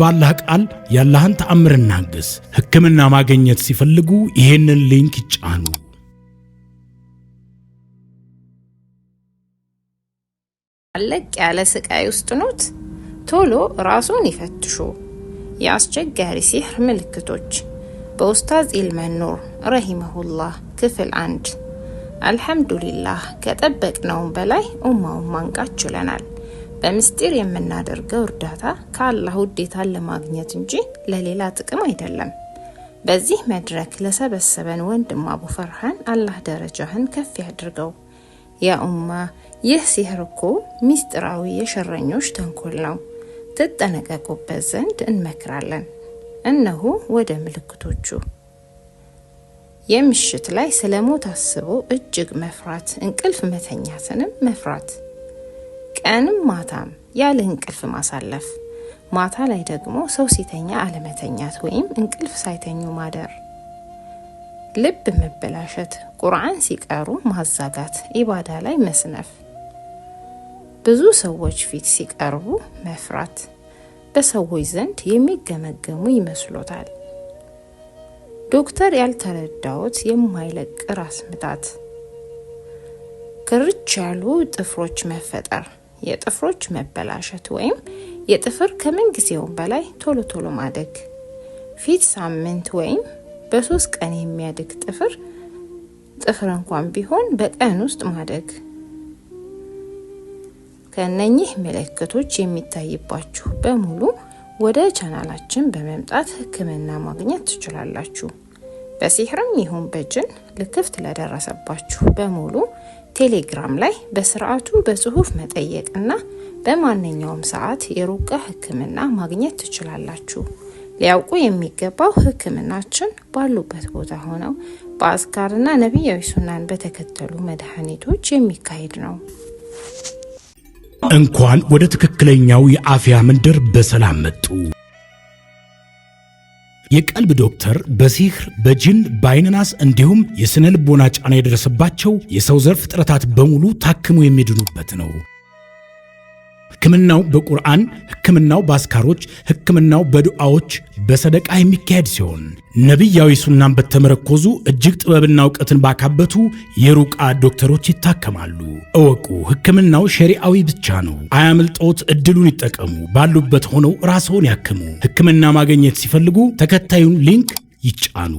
ባላህ ቃል ያላህን ተአምር እናግስ። ሕክምና ማግኘት ሲፈልጉ ይሄንን ሊንክ ይጫኑ። አለቅ ያለ ስቃይ ውስጥ ኖት? ቶሎ ራሱን ይፈትሹ። የአስቸጋሪ ሲህር ምልክቶች በኡስታዝ ኢልመን ኑር ረሂመሁላህ ክፍል አንድ። አልሐምዱሊላህ ከጠበቅነውም በላይ ኡማውን ማንቃት ችለናል። በምስጢር የምናደርገው እርዳታ ከአላህ ውዴታን ለማግኘት እንጂ ለሌላ ጥቅም አይደለም። በዚህ መድረክ ለሰበሰበን ወንድም አቡ ፈርሃን አላህ ደረጃህን ከፍ ያድርገው። ያ ኡማ፣ ይህ ሲህር እኮ ሚስጥራዊ የሸረኞች ተንኮል ነው። ትጠነቀቁበት ዘንድ እንመክራለን። እነሆ ወደ ምልክቶቹ የምሽት ላይ ስለ ሞት አስቦ እጅግ መፍራት፣ እንቅልፍ መተኛትንም መፍራት ቀንም ማታም ያለ እንቅልፍ ማሳለፍ፣ ማታ ላይ ደግሞ ሰው ሲተኛ አለመተኛት ወይም እንቅልፍ ሳይተኙ ማደር፣ ልብ መበላሸት፣ ቁርአን ሲቀሩ ማዛጋት፣ ኢባዳ ላይ መስነፍ፣ ብዙ ሰዎች ፊት ሲቀርቡ መፍራት፣ በሰዎች ዘንድ የሚገመገሙ ይመስሎታል። ዶክተር ያልተረዳውት የማይለቅ ራስ ምታት፣ ክርች ያሉ ጥፍሮች መፈጠር የጥፍሮች መበላሸት ወይም የጥፍር ከምን ጊዜውም በላይ ቶሎ ቶሎ ማደግ፣ ፊት ሳምንት ወይም በሶስት ቀን የሚያድግ ጥፍር ጥፍር እንኳን ቢሆን በቀን ውስጥ ማደግ ከእነኚህ ምልክቶች የሚታይባችሁ በሙሉ ወደ ቻናላችን በመምጣት ሕክምና ማግኘት ትችላላችሁ። በሲህርም ይሁን በጅን ልክፍት ለደረሰባችሁ በሙሉ ቴሌግራም ላይ በስርዓቱ በጽሁፍ መጠየቅና በማንኛውም ሰዓት የሩቀ ህክምና ማግኘት ትችላላችሁ። ሊያውቁ የሚገባው ህክምናችን ባሉበት ቦታ ሆነው በአዝካርና ነቢያዊ ሱናን በተከተሉ መድኃኒቶች የሚካሄድ ነው። እንኳን ወደ ትክክለኛው የአፍያ መንደር በሰላም መጡ። የቀልብ ዶክተር በሲህር በጅን በአይንናስ እንዲሁም የስነ ልቦና ጫና የደረሰባቸው የሰው ዘር ፍጥረታት በሙሉ ታክሞ የሚድኑበት ነው። ህክምናው በቁርአን፣ ህክምናው በአስካሮች፣ ህክምናው በዱዓዎች በሰደቃ የሚካሄድ ሲሆን ነቢያዊ ሱናን በተመረኮዙ እጅግ ጥበብና እውቀትን ባካበቱ የሩቃ ዶክተሮች ይታከማሉ። እወቁ፣ ህክምናው ሸሪአዊ ብቻ ነው። አያምልጦት፣ እድሉን ይጠቀሙ። ባሉበት ሆነው ራስዎን ያክሙ። ህክምና ማግኘት ሲፈልጉ ተከታዩን ሊንክ ይጫኑ።